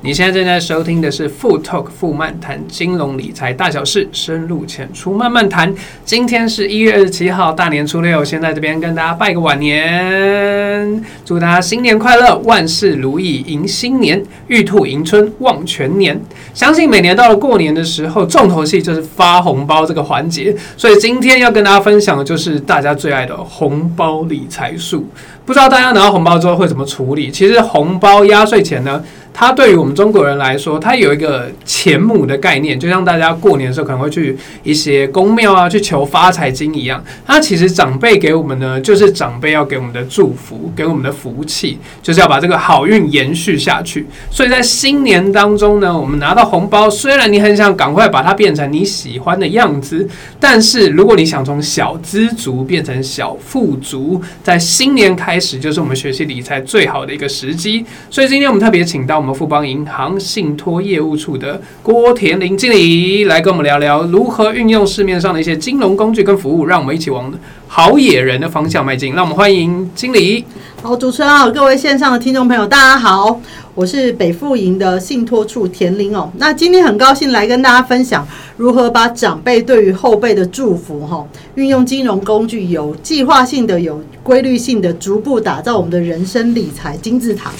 .你現在正在收聽的是《富 Talk 富漫談金融理財大小事》，深入淺出，慢慢談。今天是一月二十七號，大年初六，先在這邊跟大家拜個晚年，祝大家新年快樂，萬事如意，迎新年，玉兔迎春，望全年。相信每年到了過年的時候，重頭戲就是發紅包這個環節，所以今天要跟大家分享的就是大家最愛的紅包理財術。不知道大家拿到紅包之後會怎麼處理？其實紅包壓歲錢呢？它對於我們中國人來說，它有一個錢母的概念，就像大家過年的時候可能會去一些宮廟啊，去求發財金一樣。它其實長輩給我們呢，就是長輩要給我們的祝福，給我們的福氣，就是要把這個好運延續下去。所以在新年當中呢，我們拿到紅包，雖然你很想趕快把它變成你喜歡的樣子，但是如果你想從小資族變成小富足，在新年開始就是我們學習理財最好的一個時機。所以今天我們特別請到我們。富邦銀行信託業務處的郭恬箖經理來跟我們聊聊如何運用市面上的一些金融工具跟服務，讓我們一起往好野人的方向邁進。讓我們歡迎經理。好，主持人好，各位線上的聽眾朋友，大家好，我是北富銀的信託處恬箖哦。那今天很高興來跟大家分享如何把長輩對於後輩的祝福哈，運、哦、用金融工具，有計劃性的、有規律性的，逐步打造我們的人生理財金字塔。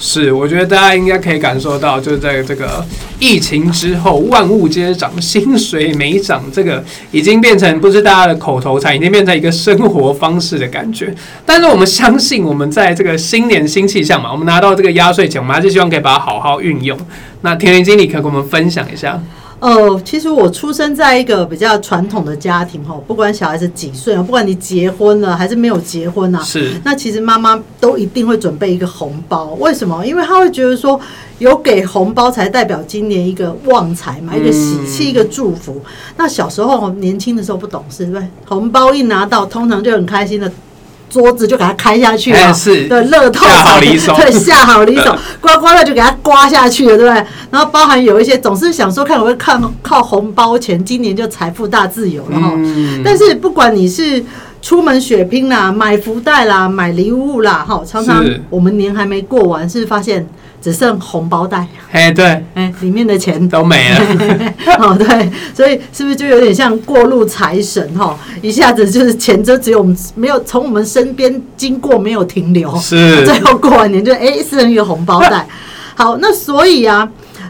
是，我覺得大家應該可以感受到，就是在這個疫情之後，萬物皆漲，薪水沒漲，這個已經變成不是大家的口頭禪，已經變成一個生活方式的感覺。但是我們相信，我們在這個新年新氣象嘛，我們拿到這個壓歲錢，我們還是希望可以把它好好運用。那恬箖經理可以跟我們分享一下？哦、呃，其實我出生在一個比較傳統的家庭哈，不管小孩子幾歲，不管你結婚了還是沒有結婚啊，是。那其實媽媽都一定會準備一個紅包，為什麼？因為她會覺得說，有給紅包才代表今年一個旺財嘛，一個喜氣，一個祝福。嗯、那小時候年輕的時候不懂事，是對，紅包一拿到，通常就很開心的。桌子就給它開下去了，啊欸是，對，樂透，對，下好離手， 刮刮樂就給它刮下去了，對不對？然後包含有一些，總是想說看我會看靠紅包錢，今年就財富大自由了哈。嗯、但是不管你是出門血拼啦，買福袋啦，買禮物啦，哈，常常我們年還沒過完，是，是，是發現。只剩紅包袋，哎，hey, 對，哎、欸，裡面的錢都沒了，好、哦，對，所以是不是就有點像過路財神吼，一下子就是錢，就只有我們沒有從我們身邊經過，沒有停留，是最後過完年就哎、欸，剩一個紅包袋。是好，那所以啊。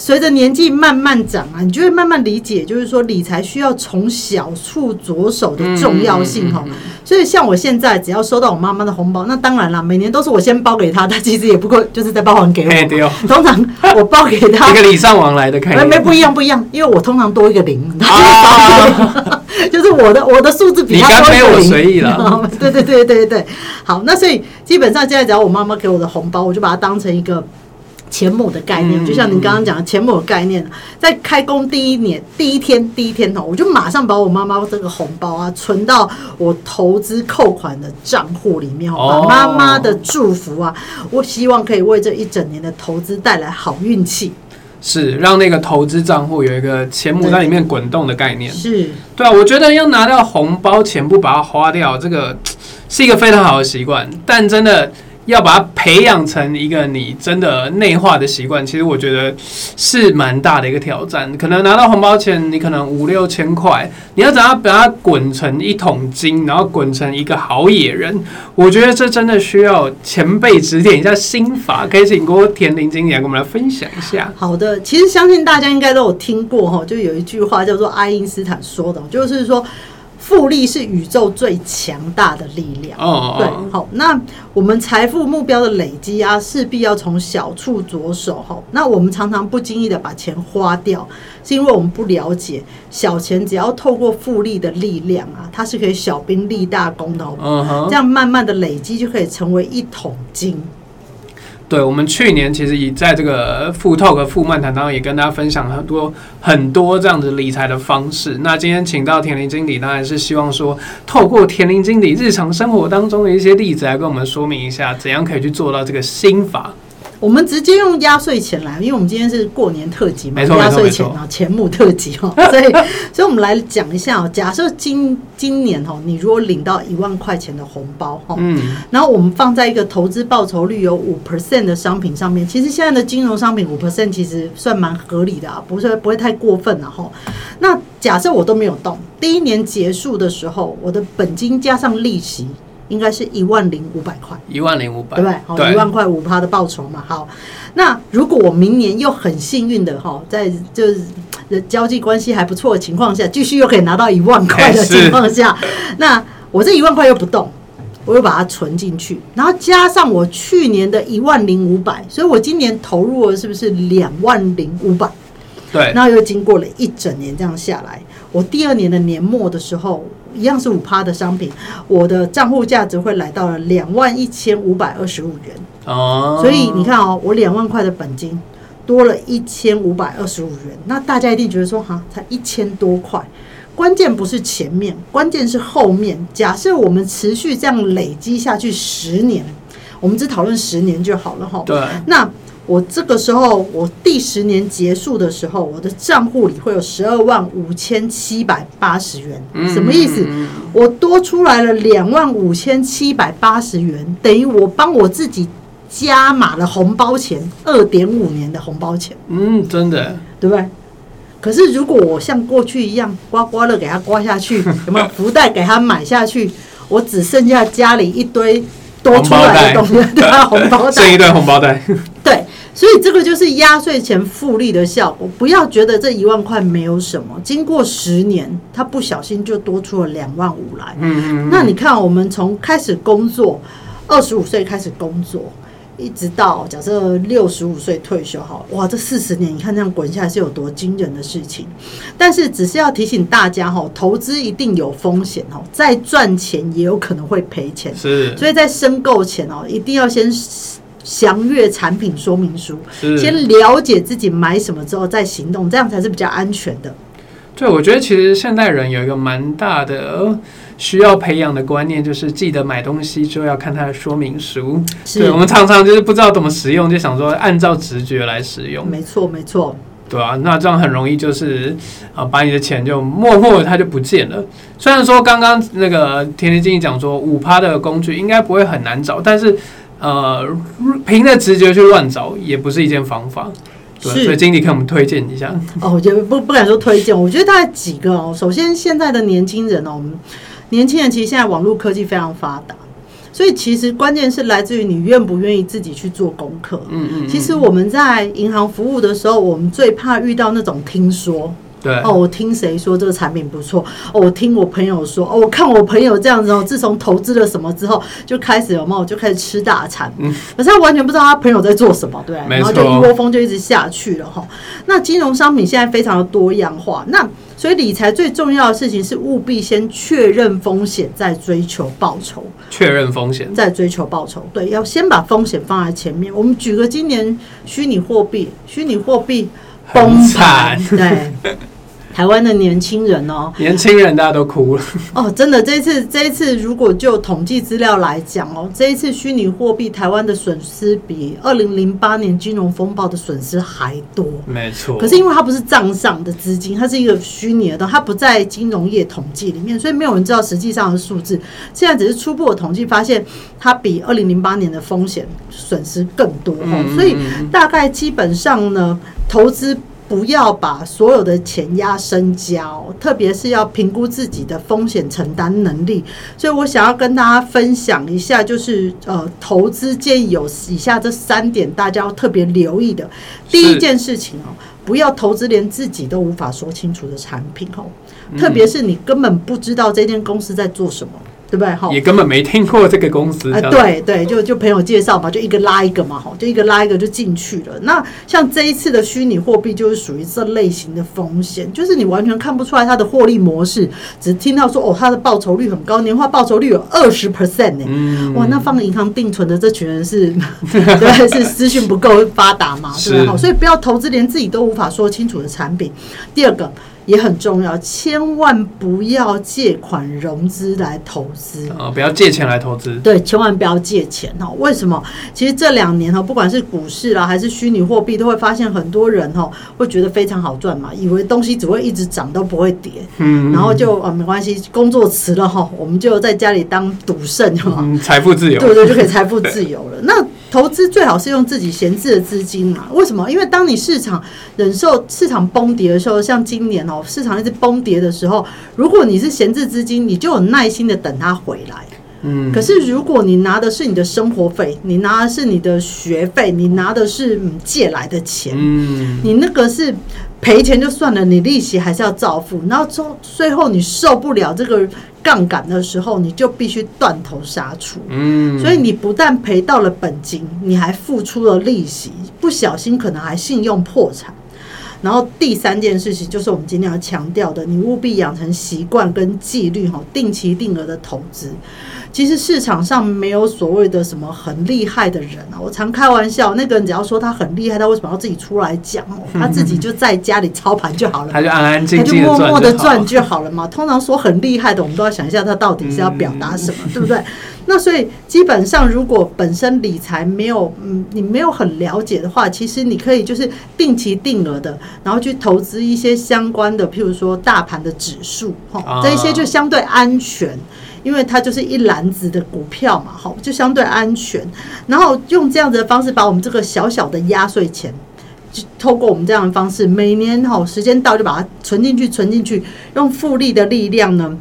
隨着年紀慢慢長啊，你就會慢慢理解，就是說理財需要從小處着手的重要性哈、嗯嗯嗯嗯嗯。所以像我現在，只要收到我媽媽的紅包，那當然啦，每年都是我先包給她，她其實也不過就是在包還給我。對哦，通常我包給她一個禮尚往來的概念。沒，不一樣不一樣，因為我通常多一個零，啊 對，就是我的我的數字比她多一個零。你乾杯我隨意啦。對，對對對對對，好，那所以基本上現在只要我媽媽給我的紅包，我就把它當成一個錢母的概念，嗯、就像您剛剛講的錢母的概念，在開工第一年第一天第一天哦，我就馬上把我媽媽這個紅包啊存到我投資扣款的賬戶裡面。好，媽媽、哦、的祝福啊，我希望可以為這一整年的投資帶來好運氣，是讓那個投資賬戶有一個錢母在裡面滾動的概念，對、是、對啊，我覺得要拿到紅包錢不把它花掉，這個是一個非常好的習慣，但真的。要把它培養成一個你真的內化的習慣，其實我覺得是蠻大的一個挑戰。可能拿到紅包錢，你可能五六千塊，你要他把它把它滾成一桶金，然後滾成一個好野人，我覺得這真的需要前輩指點一下心法。可以請郭恬箖經理跟我們來分享一下。好的，其實相信大家應該都有聽過哈，就有一句話叫做愛因斯坦說的，就是說。複利是宇宙最強大的力量。哦、oh, oh, oh. 對，好，那我們財富目標的累積啊，勢必要從小處着手。哈，那我們常常不經意的把錢花掉，是因為我們不了解小錢只要透過複利的力量啊，它是可以小兵立大功的。嗯、oh, oh. 這樣慢慢的累積就可以成為一桶金。對，我們去年其實也在這個富透和富漫談當中也跟大家分享了很多很多這樣子理財的方式。那今天請到恬箖經理，當然是希望說透過恬箖經理日常生活當中的一些例子來跟我們說明一下，怎樣可以去做到這個心法。我們直接用壓歲錢來，因為我們今天是過年特輯嘛，壓歲錢啊，錢母錯特輯、喔、 所以，所以我們來講一下、喔、假設今今年、喔、你如果領到一萬塊錢的紅包哈、喔，嗯，然後我們放在一個投資報酬率有五 percent 的商品上面，其實現在的金融商品五 percent 其實算蠻合理的啊，不是不會太過分了、啊、哈、喔。那假設我都沒有動，第一年結束的時候，我的本金加上利息。應該是一萬零五百塊，一萬零五百，對不對？好對，一萬塊五趴的報酬嘛。好，那如果我明年又很幸運的哈，在就是交際關係還不錯的情況下，繼續又可以拿到一萬塊的情況下，那我這一萬塊又不動，我又把它存進去，然後加上我去年的一萬零五百，所以我今年投入了是不是兩萬零五百？對，然後又經過了一整年這樣下來。我第二年的年末的時候，一樣是五趴的商品，我的賬戶價值會來到了兩萬一千五百二十五元哦，oh. 所以你看哦、喔，我兩萬塊的本金多了一千五百二十五元，那大家一定覺得說哈，才一千多塊。關鍵不是前面，關鍵是後面。假設我們持續這樣累積下去十年，我們只討論十年就好了哈，對，那。我這個時候，我第十年結束的時候，我的賬戶裡會有十二萬五千七百八十元。嗯，什麼意思？嗯，我多出來了兩萬五千七百八十元，等於我幫我自己加碼了紅包錢，二點五年的紅包錢。嗯，真的，對不對？可是如果我像過去一樣刮刮樂，給他刮下去，有沒有福袋給他買下去？ 我只剩下家裡一堆多出來的東西， 對啊，紅包袋，一堆紅包袋， 對。所以這個就是壓歲錢複利的效果。不要覺得這一萬塊沒有什麼，經過十年，他不小心就多出了兩萬五來。嗯，嗯，嗯，那你看，我們從開始工作，二十五歲開始工作，一直到假設六十五歲退休，哈，哇，這四十年，你看這樣滾下來是有多驚人的事情。但是，只是要提醒大家，哈，投資一定有風險，哈，再賺錢也有可能會賠錢。是，所以在申購前，哦，一定要先。詳閱產品說明書，是先了解自己買什麼之後再行動，這樣才是比較安全的。對，我覺得其實現代人有一個蠻大的需要培養的觀念，就是記得買東西之後要看它的說明書。是對，我們常常就是不知道怎麼使用，就想說按照直覺來使用。沒錯，沒錯。對啊，那這樣很容易就是啊，把你的錢就默默的它就不見了。雖然說剛剛那個恬箖經理講說五趴的工具應該不會很難找，但是。呃，憑着直覺去亂找也不是一件方法，是對，所以經理給我們推薦一下。哦，也不不敢說推薦，我覺得大概幾個哦。首先，現在的年輕人哦，我們年輕人其實現在網絡科技非常發達，所以其實關鍵是來自於你願不願意自己去做功課。嗯，嗯嗯，其實我們在銀行服務的時候，我們最怕遇到那種聽說。對哦，我聽誰說這個產品不錯？哦，我聽我朋友說，哦，我看我朋友這樣子哦，自從投資了什麼之後，就開始有沒有？就開始吃大餐。嗯，可是他完全不知道他朋友在做什麼，對啊，沒錯錯，然後就一窩蜂就一直下去了哈。那金融商品現在非常的多樣化，那所以理財最重要的事情是務必先確認風險，再追求報酬。確認風險，再追求報酬。對，要先把風險放在前面。我們舉個今年虛擬貨幣，虛擬貨幣崩盤，慘對。 台灣的年輕人哦，年輕人大家都哭了哦，真的，這一次這一次，如果就統計資料來講哦，這一次虛擬貨幣台灣的損失比二零零八年金融風暴的損失還多，沒錯。可是因為它不是賬上的資金，它是一個虛擬的，它不在金融業統計裡面，所以沒有人知道實際上的數字。現在只是初步的統計，發現它比二零零八年的風險損失更多。嗯，所以大概基本上呢，投資。不要把所有的錢押身家哦，特別是要評估自己的風險承擔能力。所以我想要跟大家分享一下，就是呃，投資建議有以下這三點，大家要特別留意的。是第一件事情哦，不要投資連自己都無法說清楚的產品哦，特別是你根本不知道這間公司在做什麼。嗯對不對？哈，你根本沒聽過這個公司啊、嗯呃？對對，就就朋友介紹嘛，就一個拉一個嘛，哈，就一個拉一個就進去了。那像這一次的虛擬貨幣，就是屬於這類型的風險，就是你完全看不出來它的獲利模式，只聽到說哦，它的報酬率很高，年化報酬率有二十 percent 呢？嗯、哇，那放銀行定存的這群人是，對， 是資訊不夠發達嘛？對不對？哈是，所以不要投資連自己都無法說清楚的產品。第二個。也很重要，千萬不要借款融資來投資啊、哦！不要借錢來投資，對，千萬不要借錢哦。為什麼？其實這兩年哈，不管是股市啦，還是虛擬貨幣，都會發現很多人哈會覺得非常好賺嘛，以為東西只會一直漲都不會跌，嗯，然後就啊沒關係，工作辭了哈，我們就在家裡當賭聖哈，嗯，財富自由，對，對對？就可以財富自由了。對，那。投資最好是用自己閒置的資金嘛。為什麼？因為當你市場忍受市場崩跌的時候，像今年哦，市場一直崩跌的時候，如果你是閒置資金，你就有耐心的等它回來。嗯，可是如果你拿的是你的生活費，你拿的是你的學費，你拿的是你借來的錢，嗯，你那個是。賠錢就算了，你利息還是要照付。然後最後你受不了這個槓桿的時候，你就必須斷頭殺出。嗯，所以你不但賠到了本金，你還付出了利息，不小心可能還信用破產。然後第三件事情就是我們今天要強調的，你務必養成習慣跟紀律齁，定期定額的投資。其實市場上沒有所謂的什麼很厲害的人啊、哦，我常開玩笑，那個人只要說他很厲害，他為什麼要自己出來講、哦？他自己就在家裡操盤就好了、嗯，他就安安靜靜，他就默默的賺就好了嘛。嗯、通常說很厲害的，我們都要想一下他到底是要表達什麼，嗯、對不對？那所以基本上，如果本身理財沒有嗯，你沒有很了解的話，其實你可以就是定期定額的，然後去投資一些相關的，譬如說大盤的指數哈、哦，這一些就相對安全。哦因為它就是一籃子的股票嘛，好，就相對安全。然後用這樣子的方式，把我們這個小小的壓歲錢，就透過我們這樣的方式，每年哈時間到就把它存進去，存進去，用複利的力量呢，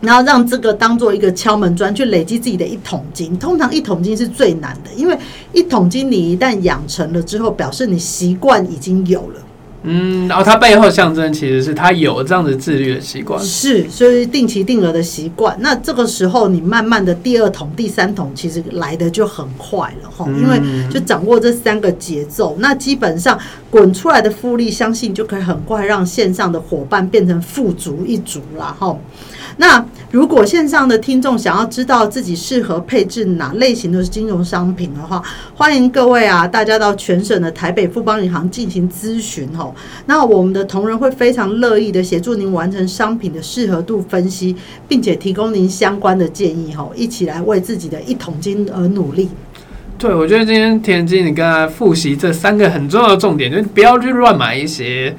然後讓這個當做一個敲門磚，去累積自己的一桶金。通常一桶金是最難的，因為一桶金你一旦養成了之後，表示你習慣已經有了。嗯，然後，哦，它背後象徵其實是他有這樣的自律的習慣，是，所以定期定額的習慣，那這個時候你慢慢的第二桶、第三桶其實來的就很快了哈，嗯、因為就掌握這三個節奏，那基本上滾出來的複利，相信就可以很快讓線上的夥伴變成富足一族了哈。那如果線上的聽眾想要知道自己適合配置哪類型的金融商品的話，歡迎各位啊，大家到全省的台北富邦銀行進行諮詢哦。那我們的同仁會非常樂意的協助您完成商品的適合度分析，並且提供您相關的建議哈，一起來為自己的一桶金而努力。對，我覺得今天恬箖經理你剛剛複習這三個很重要的重點，就是、不要去亂買一些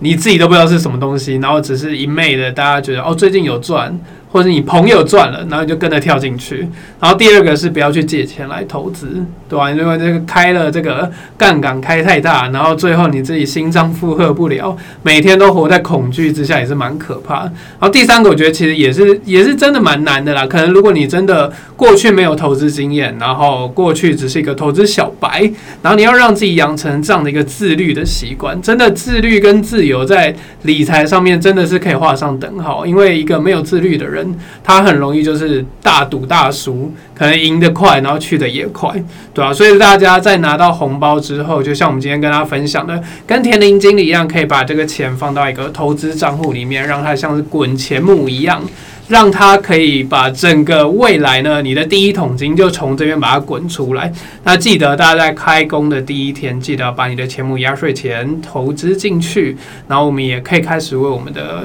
你自己都不知道是什麼東西，然後只是一昧的大家覺得哦，最近有賺。或者你朋友賺了，然後你就跟着跳進去。然後第二個是不要去借錢來投資，對吧？因為這個開了這個槓桿開太大，然後最後你自己心臟負荷不了，每天都活在恐懼之下也是蠻可怕的。然後第三個我覺得其實也是也是真的蠻難的啦。可能如果你真的過去沒有投資經驗，然後過去只是一個投資小白，然後你要讓自己養成這樣的一個自律的習慣，真的自律跟自由在理財上面真的是可以畫上等號，因為一個沒有自律的人。他很容易就是大賭大輸，可能贏得快，然後去得也快，對啊，所以大家在拿到紅包之後，就像我們今天跟大家分享的，跟恬箖經理一樣，可以把這個錢放到一個投資賬戶裡面，讓它像是滾錢母一樣，讓它可以把整個未來呢，你的第一桶金就從這邊把它滾出來。那記得大家在開工的第一天，記得把你的錢母壓歲錢投資進去，然後我們也可以開始為我們的。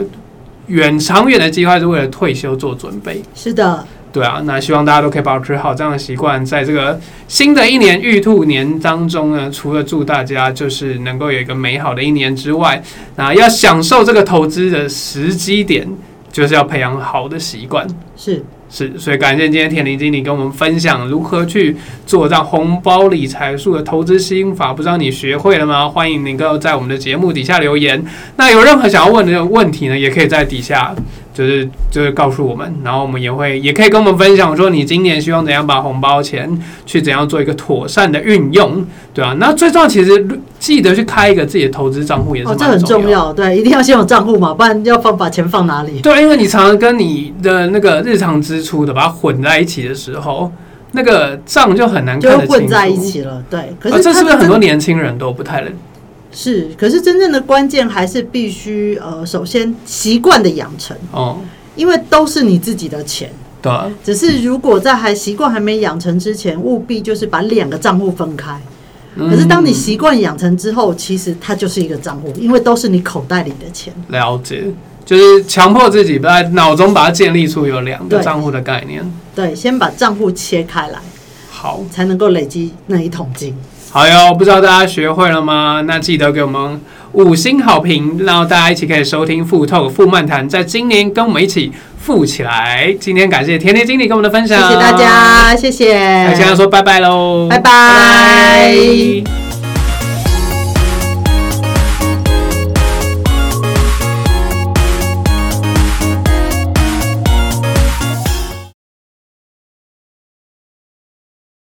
遠長遠的計劃是為了退休做準備。是的，對啊，那希望大家都可以保持好這樣的習慣，在這個新的一年玉兔年當中呢，除了祝大家就是能夠有一個美好的一年之外，那要享受這個投資的時機點，就是要培養好的習慣。是。是，所以感謝今天恬箖經理跟我們分享如何去做這樣紅包理財術的投資心法，不知道你學會了嗎？歡迎能夠在我們的節目底下留言，那有任何想要問的問題呢，也可以在底下。就是就是告訴我們，然後我們也會也可以跟我們分享說，你今年希望怎樣把紅包錢去怎樣做一個妥善的運用，對啊，那最重要其實記得去開一個自己的投資賬戶也是。哦，這很重要，對，一定要先有賬戶嘛，不然要放把錢放哪裡？對，因為你常常跟你的那個日常支出的把它混在一起的時候，那個賬就很難看得清楚。就混在一起了，對。可是，啊，這是不是很多年輕人都不太能？是，可是真正的關鍵還是必須呃，首先習慣的養成哦，因為都是你自己的錢。對、嗯。只是如果在還習慣還沒養成之前，務必就是把兩個賬戶分開。嗯，可是當你習慣養成之後，其實它就是一個賬戶，因為都是你口袋裡的錢。了解，就是強迫自己在腦中把它建立出有兩個賬戶的概念。對，對，先把賬戶切開來。好，才能夠累積那一桶金。好喲，不知道大家學會了嗎？那記得給我們五星好評，然後大家一起可以收聽《富 talk》《富漫談》，在今年跟我們一起富起來。今天感謝恬箖經理跟我們的分享，謝謝大家，謝謝。大家在要說拜拜嘍，拜拜 bye。Bye bye